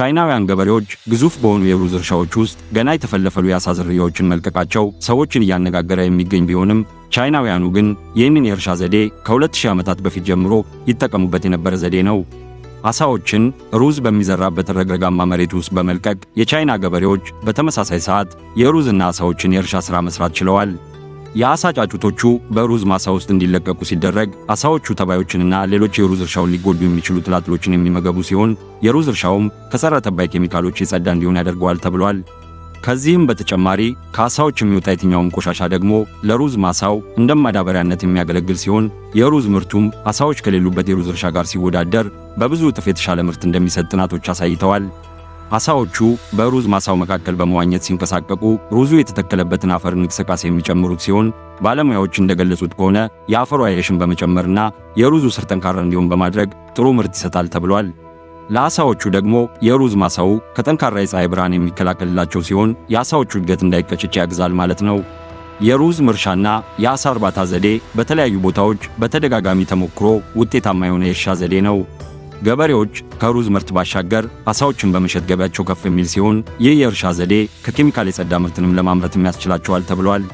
ቻይናውያን ገበሬዎች ግዙፍ በሆኑ የሩዝ እርሻዎች ውስጥ ገና የተፈለፈሉ የአሳ ዝርያዎችን መልቀቃቸው ሰዎችን እያነጋገረ የሚገኝ ቢሆንም ቻይናውያኑ ግን ይህንን የእርሻ ዘዴ ከ2000 ዓመታት በፊት ጀምሮ ይጠቀሙበት የነበረ ዘዴ ነው። አሳዎችን ሩዝ በሚዘራበት ረግረጋማ መሬት ውስጥ በመልቀቅ የቻይና ገበሬዎች በተመሳሳይ ሰዓት የሩዝና አሳዎችን የእርሻ ሥራ መሥራት ችለዋል። የአሳ ጫጩቶቹ በሩዝ ማሳ ውስጥ እንዲለቀቁ ሲደረግ አሳዎቹ ተባዮችንና ሌሎች የሩዝ እርሻውን ሊጎዱ የሚችሉ ትላትሎችን የሚመገቡ ሲሆን የሩዝ እርሻውም ከጸረ ተባይ ኬሚካሎች የጸዳ እንዲሆን ያደርገዋል ተብሏል። ከዚህም በተጨማሪ ከአሳዎች የሚወጣ የትኛውም ቆሻሻ ደግሞ ለሩዝ ማሳው እንደ ማዳበሪያነት የሚያገለግል ሲሆን የሩዝ ምርቱም አሳዎች ከሌሉበት የሩዝ እርሻ ጋር ሲወዳደር በብዙ እጥፍ የተሻለ ምርት እንደሚሰጥ ጥናቶች አሳይተዋል። አሳዎቹ በሩዝ ማሳው መካከል በመዋኘት ሲንቀሳቀቁ ሩዙ የተተከለበትን አፈር እንቅስቃሴ የሚጨምሩት ሲሆን ባለሙያዎች እንደገለጹት ከሆነ የአፈሩ አየሽን በመጨመርና የሩዙ ስር ጠንካራ እንዲሆን በማድረግ ጥሩ ምርት ይሰጣል ተብሏል። ለአሳዎቹ ደግሞ የሩዝ ማሳው ከጠንካራ የፀሐይ ብርሃን የሚከላከልላቸው ሲሆን የአሳዎቹ እድገት እንዳይቀጭጭ ያግዛል ማለት ነው። የሩዝ ምርሻና የአሳ እርባታ ዘዴ በተለያዩ ቦታዎች በተደጋጋሚ ተሞክሮ ውጤታማ የሆነ የእርሻ ዘዴ ነው። ገበሬዎች ከሩዝ ምርት ባሻገር አሳዎችን በመሸጥ ገበያቸው ከፍ የሚል ሲሆን ይህ የእርሻ ዘዴ ከኬሚካል የጸዳ ምርትንም ለማምረት ያስችላቸዋል ተብሏል።